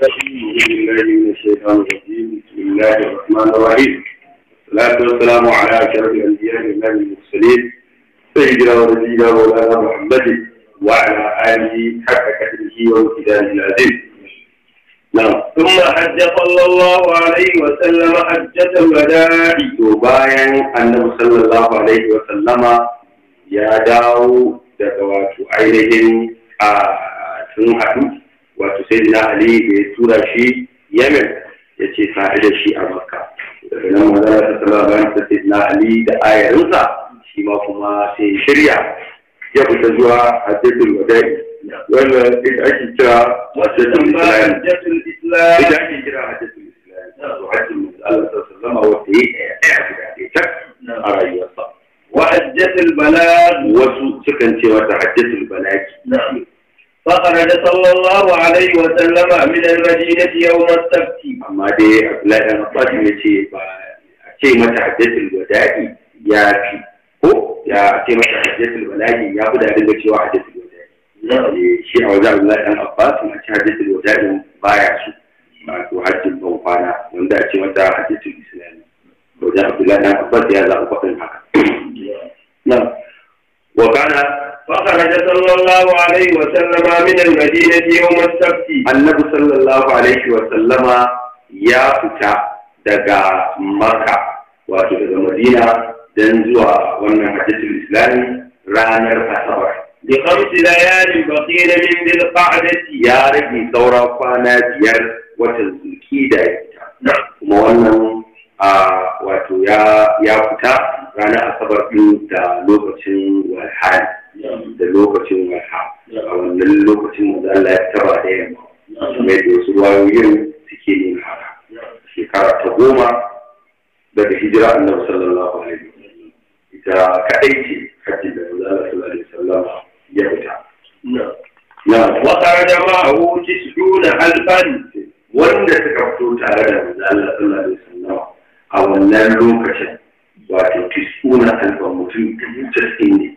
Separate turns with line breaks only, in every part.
بسم الله الرحمن الرحيم والصلاة والسلام على أشرف الأنبياء والإمام المرسلين سيدنا ونبينا مولانا محمد وعلى آله حق قدره وامتداد العزيز نعم ثم حج صلى الله عليه وسلم حجة الوداع وبايع أنه صلى الله عليه وسلم يا داو دعوات عينهم آه wato sai na ali da ya tura shi yemen ya ce ta da shi a makka daga nan magana ta tsara bayan ta sai na ali da ayarinsa shi ma kuma sai shirya ya fita zuwa hajjatul wadai wanda ita ake kira hajjatul islam ita ake kira hajjatul islam hajjin Allah sallallahu alaihi wa sallam wata yi ɗaya a rayuwarsa wa hajjatul balagh wasu sukan ce wata hajjatul balagh خرج صلى الله عليه وسلم من المدينة يوم السبت أما دي أبلاء نقاط متي ما تحدث الوداع يا في هو يا ما تحدث الوداع يا بدأ بالبتي واحدة الوداع شيء أوزع الله أن أقاط متحدث الوداع بايع سوء wato hajjin ban kwana wanda a ما تحدث الإسلام وجاء عبد الله na abbas ya zaɓi faɗin haka na
wa فخرج صلى الله عليه وسلم من المدينة يوم السبت
النبي صلى الله عليه وسلم يا فتا دقا مكة وكذا مدينة دنزوا ومن حدث الإسلام رانر أصبر بخمس ليال بقين من ذي القعدة يا ربي ثورة فانا بيار وتزكيدا نعم ومن آه واتو يا يا فتا رانا أصبر من دا لوكتشن والحال da lokacin wata a wannan lokacin wanda Allah ya taba da yamma mai da wasu wayoyin suke yin haka shekara ta goma daga hijira annabi sallallahu alaihi ita kaɗai ce hajji da manzo Allah sallallahu alaihi wasallam ya fita na wa kharaja ma'ahu
tisduna alfan
wanda suka fito tare da manzo Allah sallallahu alaihi wasallam a wannan lokacin wato tisduna alfan mutum dubu casa'in ne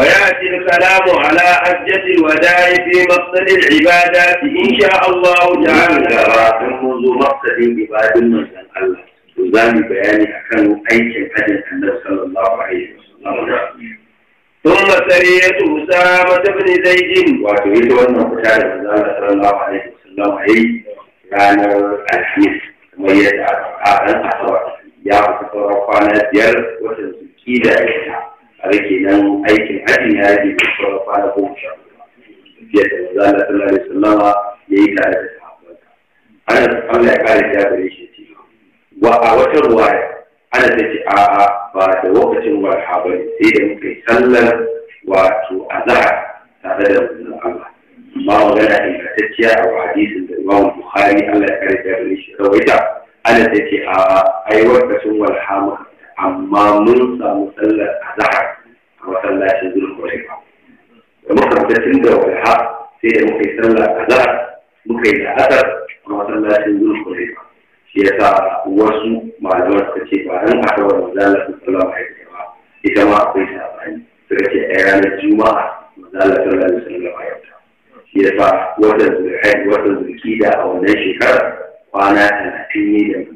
ويأتي الكلام على حجة الوداع
في مقصد العبادات إن شاء الله تعالى كراتم منذ مقصد عباد المسلم الله وزان بيان أكن أي شيء حدث النبي صلى الله عليه وسلم ثم سرية أسامة بن زيد وتريد أن نقتال النبي صلى الله عليه وسلم أي كان الحديث كما يدعى أن أصبح يا أصبح ربنا ديال وسلم ذلك a rage nan aikin hajji ya yi da sauran kwana goma sha biyar da manzo Allah sallallahu alaihi wasallama ya yi tare da sahabbansa ana Allah ya kare ta gare shi ce wa a wata ruwaya ana ta ce a'a ba da lokacin warha ba ne sai da muke yi sallar wato azhar tare da manzo Allah amma magana ingantacciya a hadisin da Imam Bukhari Allah ya kare ta gare shi rawaita ana ta ce a'a ai lokacin warha muka amma mun samu sallar azahar a masallacin zuwa kwarai ba da makarfacin da walha sai da muka yi sallar azahar muka yi da asar a masallacin zuwa kwarai ba shi ya sa wasu malamar suka ce ba nan a kawai mazalar su sallar mahaifiya ba ita ma akwai sabani suka ce a ranar juma'a mazalar sallar da sallar mahaifiya shi ya sa watan zulhai watan a wannan shekarar kwana talatin ne da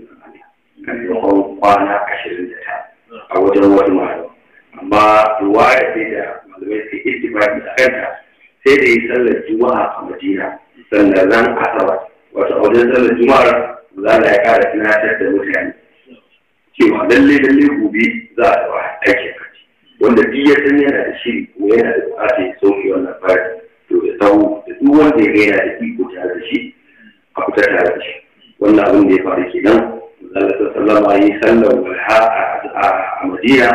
maimakon kwana ashirin da ta a wajen wani malam amma ya sai da malamai ke ittifaqi a kanta sai da yi sallar juma'a a madina sannan ran asabar wato a wajen sallar juma'ar za ya kara tunatar da mutane cewa lalle lalle gobe za a taɓa aikin haji wanda duk ya san yana da shiri ko yana da bukatar ya sauke wannan fari to ya sau da duk wanda ya ga yana da iko tare da shi a fita tare da shi wannan abin da ya faru kenan Allah sallama yi sallar walha a Madina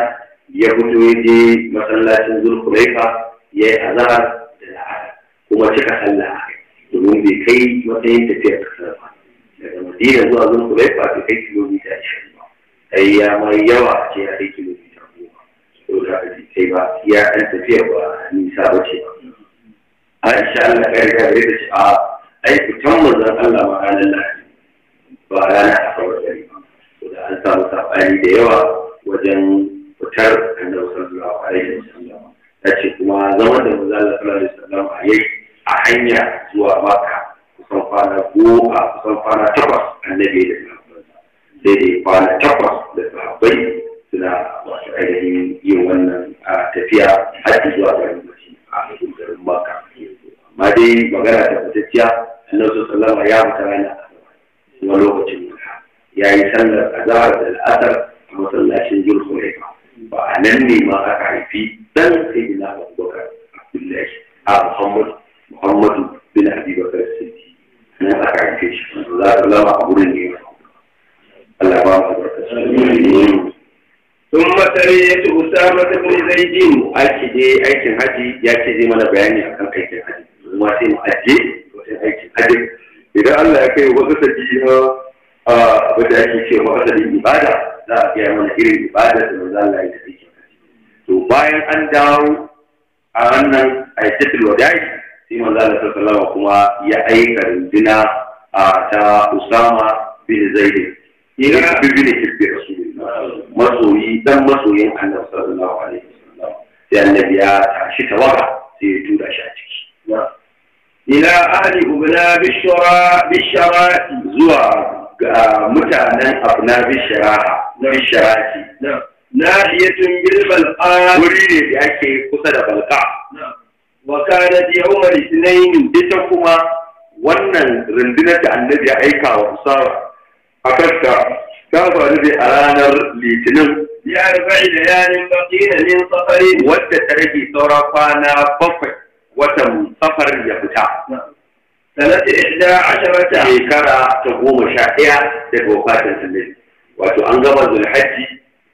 ya fito ya masallacin Zulkulaika ya yi azhar da la'ar kuma cika sallah domin bai kai matsayin tafiya ta ba daga Madina zuwa Zulkulaika bai kai kilomita ashirin ba kai ya mai yawa a ce ya kai kilomita goma kai ba ya ɗan tafiyar ba nisa ba ce ba. Aisha Allah ya riga ya ce a ai fitan manzon Allah ma ranar Lahadi ba ranar Asabar gari samu saɓani da yawa wajen fitar annabi sallallahu alaihi ya ce kuma zama da maza Allah sallallahu alaihi wasallam a yi a hanya zuwa maka kusan kwana goma kusan kwana takwas annabi da sahabbansa sai dai kwana takwas da sahabbai suna wasu ainihin yin wannan tafiya har zuwa garin mace a garin maka amma dai magana tabbatacciya annabi sallallahu alaihi wasallam ya fita rana wani lokacin يعني سنة أزعد الأثر ما صلاش نجيب الخليفة وأنني ما أقع فيه بل سيدنا أبو بكر عبد الله أبو محمد محمد بن أبي بكر السيدي أنا أقع فيه لا لا أعبرني الله يبارك ثم سريت أسامة بن زيد أيكي دي أيكي هاجي يأتي دي من أكن أيكي هاجي ما سيما أجي وسيما أيكي هاجي إذا الله كي وسط جيها Ah, wanda ake cewa asalin ibada za a gaya mana irin ibada da maza Allah ya tafi to bayan an dawo a wannan aikitul wadai sai maza Allah sallallahu kuma ya aika rundina a ah, ta Usama bin Zaid ina bibi ne masoyi dan masoyin Allah sallallahu alaihi wasallam sai annabi ya tashi tawaga sai ya tura shi a ciki ila ahli ubna bishara bisharati zuwa ga mutanen afnabi shara'a na sharaki na iyatun bil balqa wuri ne da ake kusa da balqa wa kana di umar isnain
ita kuma wannan rundunar da annabi ya aika wa usama akasta ta faru ne a ranar litinin ya rubai da yanin bakina min safari wadda ta rage saura kwana bakwai watan safar
ya fita sanata inda shekara ta goma sha ɗaya daga wato an gama zulhajji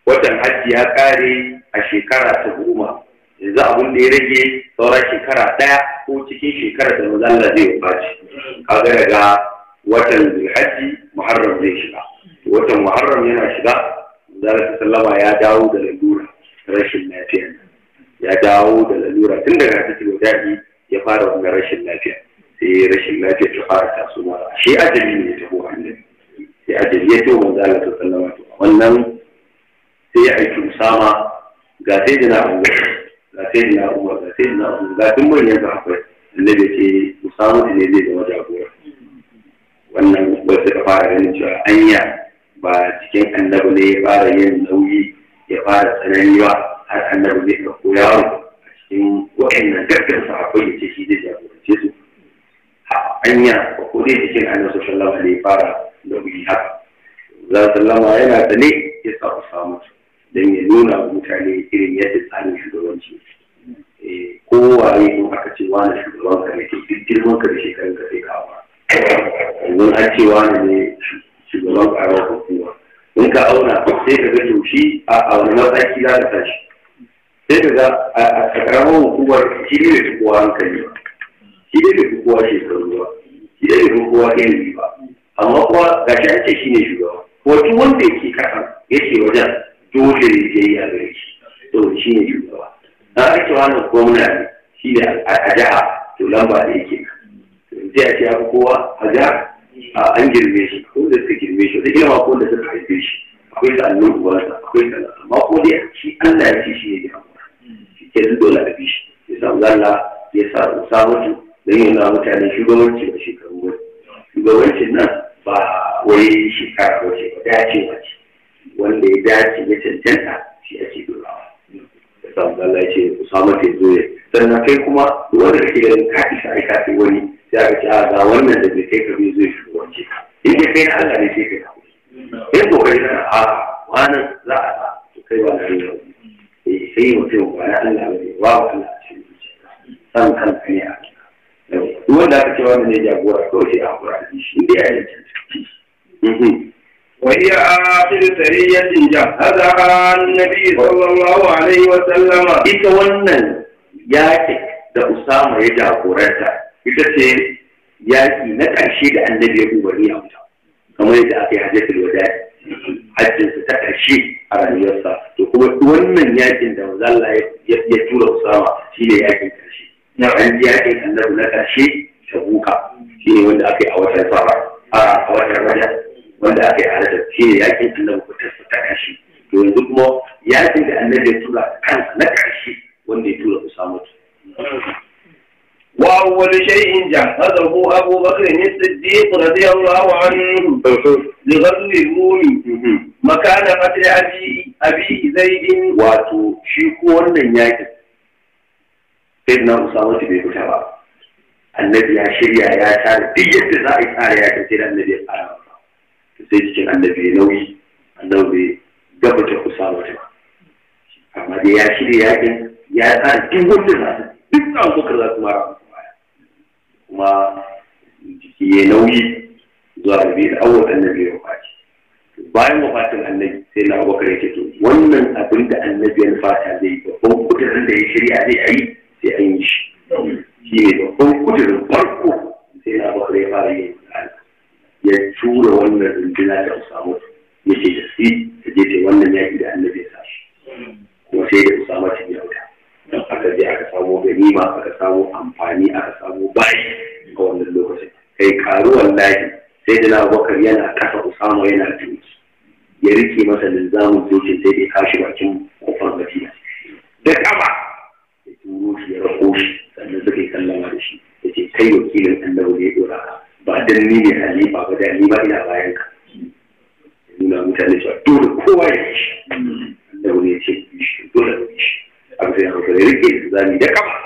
watan hajji ya ƙare a shekara ta goma yanzu abin da ya rage sauran shekara ɗaya ko cikin shekara da maza zai wafaci kaga daga watan hajji muharram zai shiga watan muharram yana shiga ta sallama ya dawo da lalura rashin lafiya ya dawo da lalura tun daga cikin daɗi ya fara wani rashin lafiya sai rashin lafiya ta fara tasowa shi ajali ne ta kowa annabi sai ajali ya ce manzo Allah ta sallama to wannan sai ya aiki Usama ga sai dina Abu ga sai dina Umar ga sai dina Abu ga duk manyan sahabbai annabi ce Usama ne zai zama jagora wannan wasu ka fara ganin cewa anya ba cikin annabi ne ya fara yin nauyi ya fara tsanani ba har annabi zai ɗauko yaro a cikin waɗannan gaskiyar sahabbai ya ce shi zai jagorance su a anya ba ko dai jikin annabi sallallahu alaihi fara da wuri haka za
sallama yana da ne
ya sa usama don ya nuna wa mutane irin yadda tsarin shugabanci eh, waye ko aka ce wani shugaban ka ne ke girman ka da shekarun ka sai ka ba mun an ce wani ne shugaban karamar hukuma in ka auna sai ka ga taushi a wani mataki za ka tashi sai ka ga a karamar hukumar shi ne da kowa hankali ba shi dai bai kowa shekaru ba shi dai bai kowa ilimi ba amma kuwa ga shi ake shi ne shugaba wato wanda yake kasa yake wajen dole ne je ya gare shi to shi ne shugaba na ake wannan gwamna ne shi ne a jiha to lamba da yake sai a ce ya kowa a jiha a an girme shi ko da suka girme shi da girma ko da suka haife shi akwai da annon ubansa akwai da amma ko dai shi Allah ya ce shi ne ya shi ke dole a bi ya samu lalla ya samu samu da yi na mutane shugabanci a shekaru wani shugabancin nan ba wai shekara wace ba ba ce wanda ya dace ya cancanta shi ake dorawa da samun Allah ya ce ku samu ta zo ya sannan kai kuma wanda kake ganin ka isa ai ka kai wani ya ka ce a ga wannan da bai kai ka bi zo ya ka in ya kai na Allah ne sai ka kawo in kai na a wani za a ba to kai ba na eh, sai mutum ba na Allah ne wa Allah ce san kan ne a wanda aka ce wanda ne jagora kawai sai a hakura da shi inda ya yi ciki
وهي آخر سرية جهزها النبي صلى الله wa وسلم Ita wannan ياتك da Usama ya jagoranta
ita ce yaƙi na ƙarshe da annabi ya duba ni a wuta kamar yadda aka yi hajjatul wada hajjinsa ta ƙarshe a rayuwarsa to kuma wannan yaƙin da manzo Allah ya tura Usama shine yaƙin ƙarshe na ranjiya ke kan na ƙarshe ta kuka shi ne wanda aka yi a watan saba a watan raja wanda aka yi a rajar shi ne yakin annabi ko ta ta ƙarshe to yanzu kuma yakin da annabi ya tura kansa na ƙarshe wanda ya tura Usama وأول شيء جهزه أبو بكر الصديق رضي الله عنه لغزو
الروم
مكان قتل zai أبي wato shi ko wannan ياكل sai na usama ta bai fita ba annabi ya shirya ya tare duk yadda za a yi tsara ya kace da annabi ya tsara masa to sai cikin annabi nauyi annabi bai gaba ta wata ba. amma dai ya shirya yakin ya tsara duk wanda za su duk na bukar za su mara musu baya kuma jiki ya nauyi zuwa da bai da awwal annabi ya kwaci bayan wafatin annabi sai na abubakar ya ce to wannan abin da annabi ya fata zai babban kudurin da ya shirya zai a yi sai an yi shi shi ne babban kudurin farko sai na ba zai fara yin ya tura wannan rundunar da Usama ya ce da si ta je ce wannan yaƙi da annabi ya sashi kuma sai da Usama ta yi wuta aka je aka samo ganima aka samo amfani aka samo bayi a wannan lokacin kai karuwan lahi sai da Abubakar yana kasa Usama yana tuki ya rike masa linzamin dokin sai da ya kashi bakin kofar Madina da kama kai wakilin ɗan da wani ba dan ni ne halifa ba da ni ba ina bayan ka nuna mutane cewa dole kowa ya ci da wani ya ce dole ya ci abu sai rike zami da kafa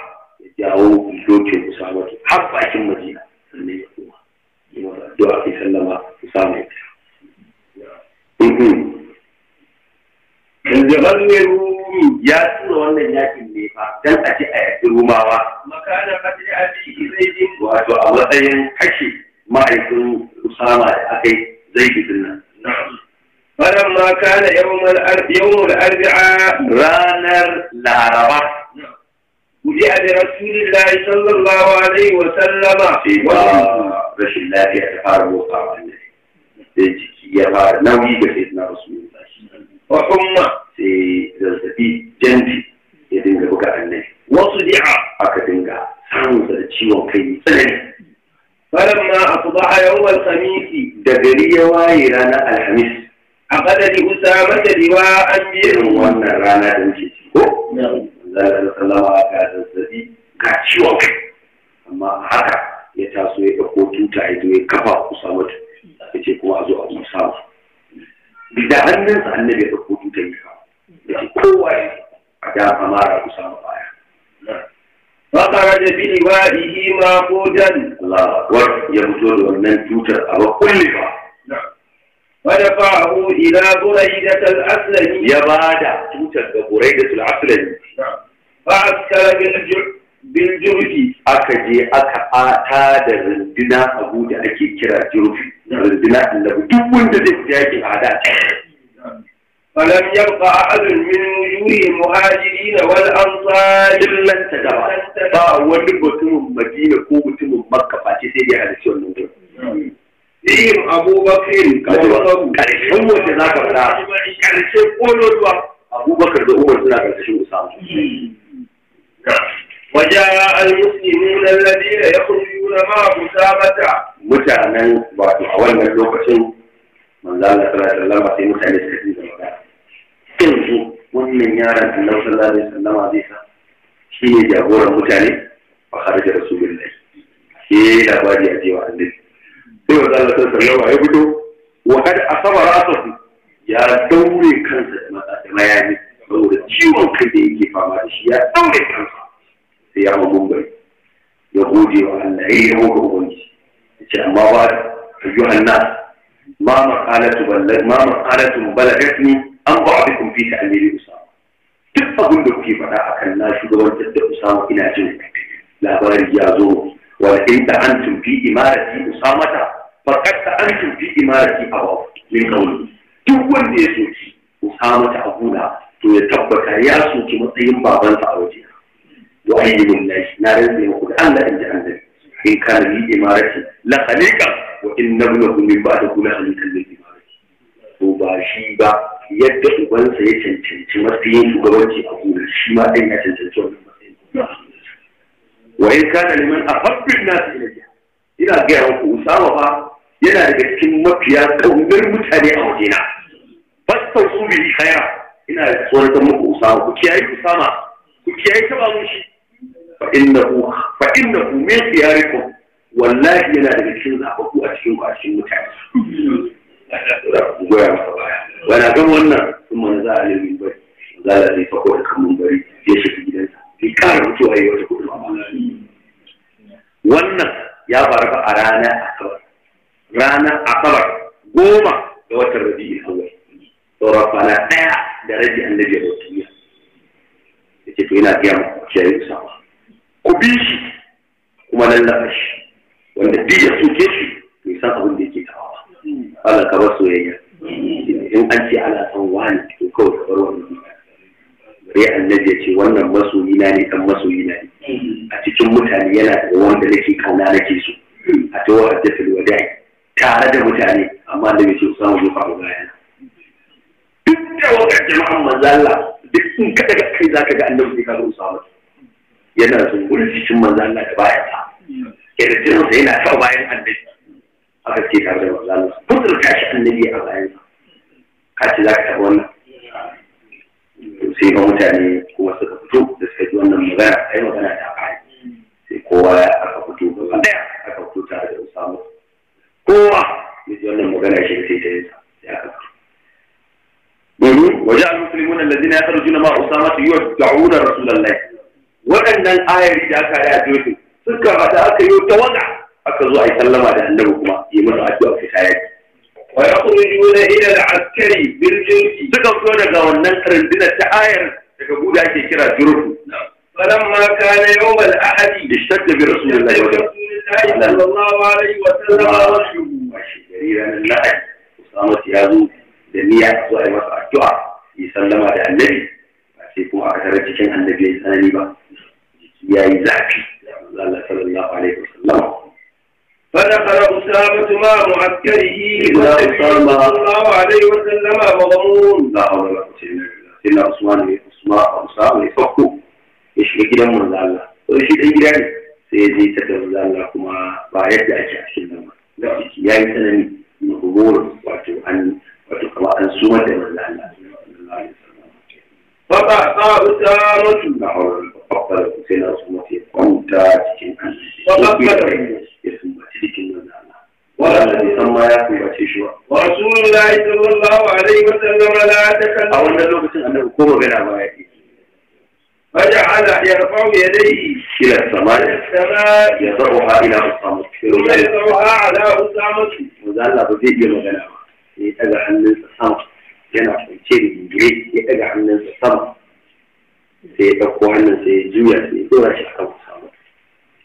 وجاء برسول الله صلى الله عليه
وسلم في رشد الله في اعتقار وقع ya fara nauyi ga sai na rasulun wa umma sai zazzabi janti ya dinga buga annabi wasu di'a aka dinga samun da ciwon kai tsanani falamma asbaha yawmal khamis da gari ya waye ranar alhamis a kadari usama da riwa an biye wannan rana da muke ciki ko zafin sallama ga zazzabi ga ciwon kai amma haka ya taso ya ɗauko tuta ya zo ya kafa usama ya ce kuma a zo a usama da hannunsa annabi ya ɗauko tuta ya kafa ya ce kowa ya a dama mara usama baya فخرج بلوائه معقودا الله أكبر يبتل من توتر أو كل ودفعه إلى بريدة الأسلمي يبادى توتر بريدة الأسلمي Ba fa'askara bin jirgi aka je aka ata da rundina abu da ake kira jirgi rundina annabi duk wanda zai fita
yake a hada فلم يبقى أحد من وجوه المهاجرين والأنصار إلا انتدبا Ba wani mutumin Madina ko
mutumin Makka face sai dai halarci wannan
gurin
Yin Abubakar karshen wanda za ka fara karshen kololuwa Abubakar da Umar suna karshen Usama
وجاء المسلمون الذين يخرجون معه أسامة
متعنا واتو أولنا اللوكسين من ذا الله صلى الله عليه وسلم في متعنا سكتين المكان تنزو ومن يارا الله صلى الله عليه وسلم عزيزا شيني جابورا متعنا وخرج رسول الله شيني لابادي أجيب عن ذلك sai wa zalla sun sarrafa ya fito wa kada a sama ra'asarsu ya daure kansa saboda ciwon kai da yake fama da shi ya daure kansa sai ya magungari ya gode wa Allah ya yi hauka ubangiji ya ce amma ba da yuhanna ما مقالة بلغ ما مقالة بلغتني أن بعضكم في تأمير أسامة duk abin da kuke faɗa a kan na shugabantar da Usama ina jin labari ya zo wa in da an tumfi imarati Usamata faqad da an tumfi imarati Abu min qawli duk wanda ya soki Usamata Abuna to ya tabbata ya soki matsayin babansa a waje wa ayyuhum nas na rabbi ku da Allah in ji Allah in kana bi imarati la khaliqa wa inna ibnahu min ba'dihi la khaliqa lil imarati to ba shi ba yadda ubansa ya cancanci matsayin shugabanci a gurin shi ma din ya cancanci wannan
matsayin
wa in kana liman ahabbu an-nas ilayya ina ga yanku usama fa yana daga cikin mafiya kaunar mutane a wajena fastausu bi khaira ina tsoratar muku usama ku kiyaye usama
ku kiyaye taba mun shi
fa innahu fa innahu min khiyarikum wallahi yana daga cikin zababbu a cikin kwashin mutane goya masa baya wala ga wannan sun mana za a lemi bari za a zai fako da kamun bari ya shiga gidansa Ya kara mutuwa ya wata kudu wannan ya faru ba a ranar asabar Ranar asabar goma ga watan rabi'in awwal saura kwana ɗaya da rage annabi ya duniya ya to yana gaya muku kiyaye ku sama ku bi shi kuma lallafa shi wanda duk ya soke shi to ya san abin da yake kawo ala ka soyayya in an ce ana san wani to kawai ka bar wannan sai annabi ya ce wannan masoyina ne dan masoyina ne a cikin mutane yana da wanda nake kauna nake so a ta da wada'i tare da mutane amma da bai ce samu zuwa ba tawagar jama'an manzalla duk in kada ga kai zaka ga annabi sai ka zo samu yana zungurin cikin manzalla da baya ta yana irjin sa yana ta bayan annabi aka ce ka ga manzalla kudur ka shi annabi a bayan ka ce zaka taɓa wannan sai ga mutane kuma suka fito da suka ji wannan magana ai magana ta kai sai kowa aka fito gaba daya aka fito tare da Usama kowa ya ji wannan magana shi sai ta yi sa sai aka fito يقولون وجاء المسلمون الذين يخرجون مع عصامته يدعون رسول الله وان الايه اللي جاك يا جوتي سكر هذاك
يتوقع
حتى الله يسلم على انه كما في مسعى في حياته ويخرجون الى العسكري بالجنس سكر سونا قاون ننكر الدين التعاير تقول هاي كيرا جروف فلما كان يوم الاحد اشتد برسول الله
صلى الله عليه
وسلم وحشه كبيره من الاحد وصامت يا ذو دنيا الدعاء يسلم على النبي annabi ba sai kuma النبي tarar cikin annabi ya yi tsanani ba ya yi
فدخل أسامة مع معسكره وسلم الله عليه وسلم مغمون لا حول ولا قوة إلا بالله سيدنا عثمان عثمان أسامة
يفكوا يشري كده من الله ويشري كده سيدي تكلم الله كما بعد أجل شنو ya yi tsanani mahumur wato an وإطلاقا سودا فقعقاء سارة نحو فقبل حسين أصواتي قمت تكن فقبل اسم تلك
النزالة ولا الذي سمى يقوم بتشوى ورسول الله صلى الله عليه وسلم لا تكلم أو أن لغة أن الحكومة بلا ما يأتي فجعل يرفع يديه إلى السماء
السماء يضعها إلى أسامته يضعها على أسامته وذلك بديء مغنى يتابع عن الصمت ينعش يتشري الجريد يتابع عن الصمت في أخوانا في جميع في كل شيء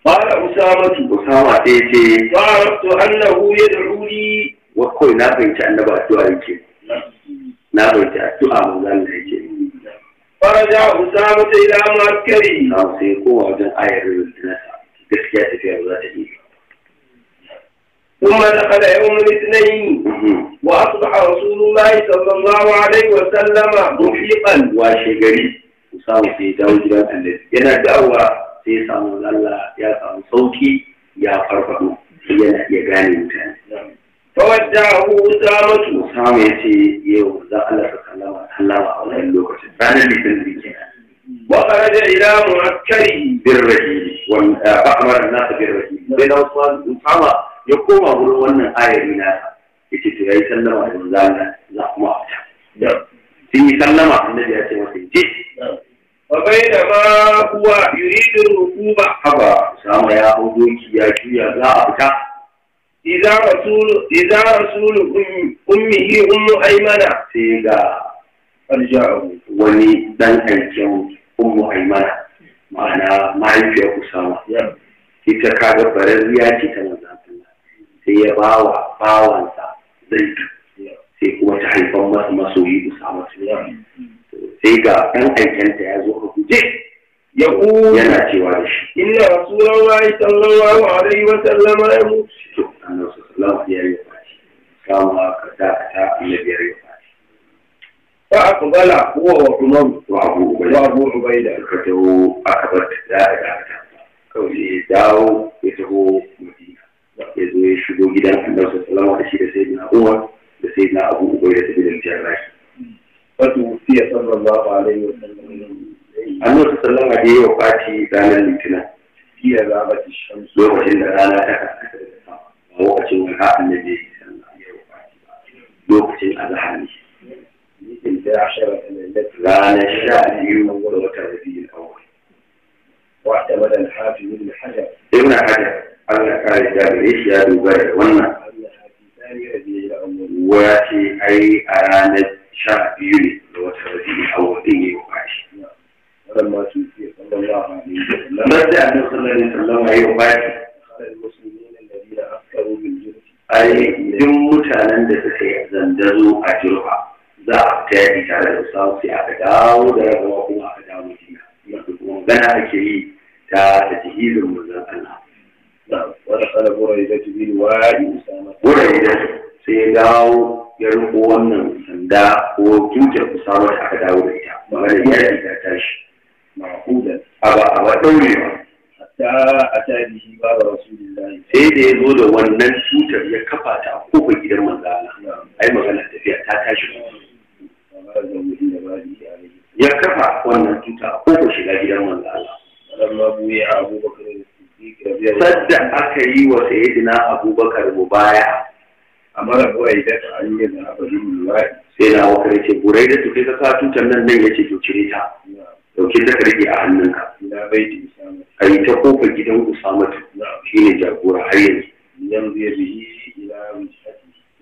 قال أسامة أسامة إيتي وعرفت أنه يدعو لي وكل نابن تأنبا دعائك نابن تأدعى من ذلك فرجع أسامة إلى مركبه أسامة سيكون عجل آية الناس تسكيات في أولادهم
ثم دخل يوم الاثنين واصبح رسول الله صلى الله عليه وسلم مشرقا واشجري يسام في
دوجة الذي ينا دعوة سيسام الله يا سام صوتي يا فرفقه yana iya gane mutane.
Fawadda hu zamatu. Samu
ya ce yau za Allah ka kallama sallama a wani lokacin ranar litinin da kenan. Wa kharaja ila muakkari sallama da manzo Allah za
kuma a fita sun yi sallama annabi ya ce masa je wa bainama huwa yuridu rukuba haba sama ya hau
doki ya juya
za a fita idza rasulu idza rasulu ummihi ummu aymana sai ga arja'u wani dan aikin
ummu aymana ma'ana mahaifiyar usama ita kaga barariya ce ta manzo Allah sai ya bawa bawansa zai sai kuma ta haifar masa masoyi da samatuwa sai ga ɗan ta ya zo a kuje ya yana cewa da shi inna rasulullahi sallallahu alaihi wa sallama ya mutu to annabi sallallahu alaihi wa sallam ya yi fati kama ka da ta annabi ya yi fati fa aqbala huwa wa umam wa abu ubayda wa abu ubayda ka tawo aka bar da ta dawo ya tawo ya zo ya shigo gidan annabi sallallahu alaihi da sayyidina Umar da sayyidina Abu Ubaida bin al-Jarrah wato fiye sallallahu alaihi wa sallam annabi sallallahu alaihi wa fati ranar litinin fiye za ba ta shamsu lokacin da rana ta a lokacin wani annabi lokacin azhar ne ranar sha biyu da watan rabiul awwal wa da hafiz ibn hajar ibn hajar Allah kare jami'ai shi ya duba da wannan wace ai
a ranar sha biyu ne da wata rabi a wadin ya yi bashi.
Wadda da annabi sallallahu alaihi wasallam ya yi bashi. Ai duk mutanen da suka yi zandazo a jirfa za a fita yaki tare da sawu sai aka dawo da rabuwa kuma aka dawo jina. Magana ake yi ta tajihizin manzon Allah. ودخل بريدة في وادي أسامة بريدة سيداو يرقو wannan sanda ko tutar kusawa da aka dawo da ita ba da iya ta tashi ma'udan aba aba daurewa hatta ata bihi baba rasulullahi sai da ya zo da wannan tutar ya kafa ta a kofar gidan manzo ai magana tafiya ta tashi ya kafa wannan tuta a kofar shiga gidan ya sadda aka yi wa sayyidina abubakar mu baya. amara burai da an yi da abin sai na wakar ce burai da tuke ka sa tutar nan nan yace to cire ta dauki ta karge a hannunka a yi ta kofa gidan Usama usamatu shine jagora har yanzu ya je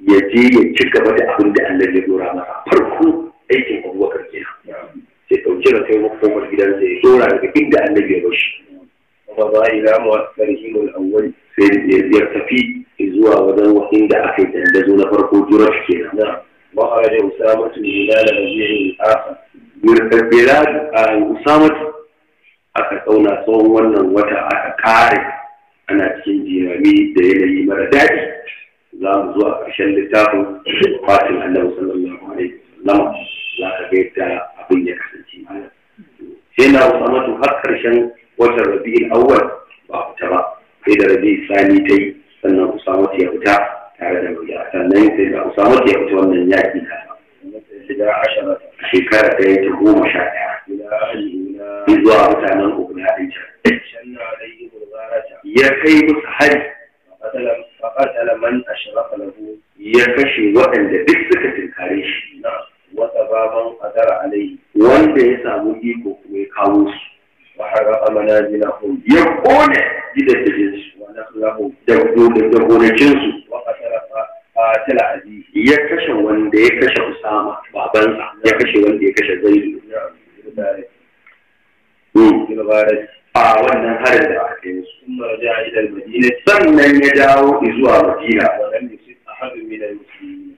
ya ci gaba da abin da Allah ya dora masa farko aikin abubakar kenan sai dauki da kai kofar gidansa ya dora daga inda Allah ya bar shi القضاء الى مؤثرهم الاول يرتفيد ازوا ودو حين دعكت اندزون فرقو جرش كنا نعم وخرج اسامة خلال مجيعه الاخر يرتفيد اسامة اكتونا صوما وتا اكاري انا تكين ديرامي ديلي مرداتي زام زوا عشان لتاكو قاتل الله صلى الله عليه وسلم لا تبيت ابن يكسنتي مالا هنا اسامة هكرشن watan rabi'in awwal ba fita ba sai da rabi sani ta yi sannan usama ya fita tare da murya sannan sai da usama ya fita wannan yaƙi na shekara ɗaya ta goma sha ɗaya zuwa mutanen uku na ɗaya ya kai musu hari ya kashe waɗanda duk suka tinkare shi wanda ya samu iko zalazilahum ya kone gidajen su wa naslahu da gonakinsu wa qatala qatil aziz ya kashe wanda ya kashe usama babansa ya kashe wanda ya kashe zaid a wannan harin da aka yi su kuma da idan madina sannan ya dawo zuwa madina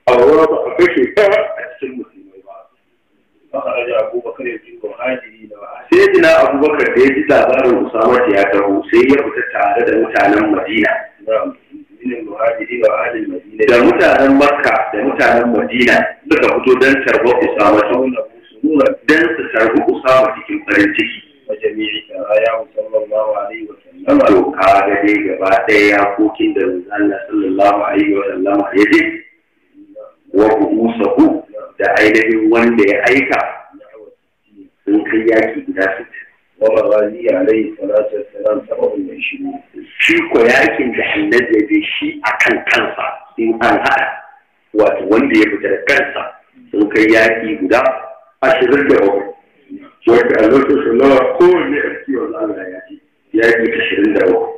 a wurin ba a kashe ta a cikin musulmai ba فخرج أبو بكر sai na abubakar da ya ji labarin usama ta ya taho sai ya fita tare da mutanen madina da mutanen makka da mutanen madina suka fito don tarbar usama don su tarbi usama cikin farin ciki to ka ga dai gaba ɗaya ya yakokin da Allah sallallahu alaihi wa sallama ya je wa ku da ainihin wanda ya aika sun kai yaki guda sittin wa mawazi alaihi salatu wassalam saba'un da shiru shi ko yakin da annabi ya bi shi akan kansa in an haɗa wato wanda ya fita da kansa sun kai yaki guda ashirin da bakwai wanda a lokacin lawa kowanne a kiwon Allah ya ce yaki ashirin da bakwai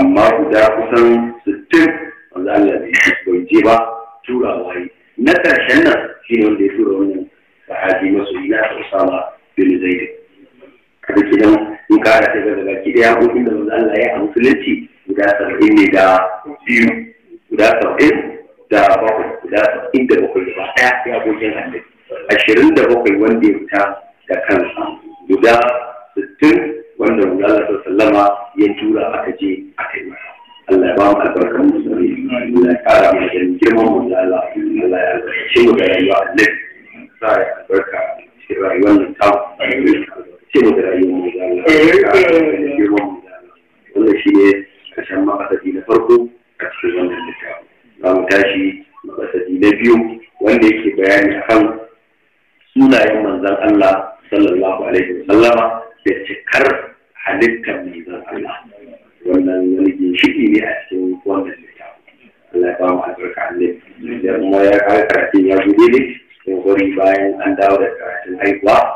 amma guda kusan sittin wanda Allah bai je ba turawa yi na ƙarshen nan shi ne wanda ya tura wannan sahabi masoyina Usama bin Zaid kada kidan in ka ta daga baki daya hukun da manzo Allah ya musulunci guda 70 ne da biyu guda 70 da bakwai guda 70 da bakwai ba daya ya Ashirin da 27 wanda ya fita da kansa guda 60 wanda manzo Allah sallama ya tura aka je a kai masa Allah ya ba mu albarkar musulmi Allah ya kara mu da girman manzo Allah Allah ya albarkace mu da rayuwa Allah sa ya albarka a cikin rayuwar nan ta ce mu da rayuwar mu da Allah eh, eh. shi ne ƙarshen makasadi na farko a cikin wannan littafi za mu tashi makasadi na biyu wanda yake bayani akan sunayen manzan Allah sallallahu alaihi wasallama da cikar halittar manzan Allah wannan wani ginshiki ne a cikin wannan littafi Allah ya albarka Allah ya kuma ya kare karatun ya gudu ne going by and, and out at, at High Block.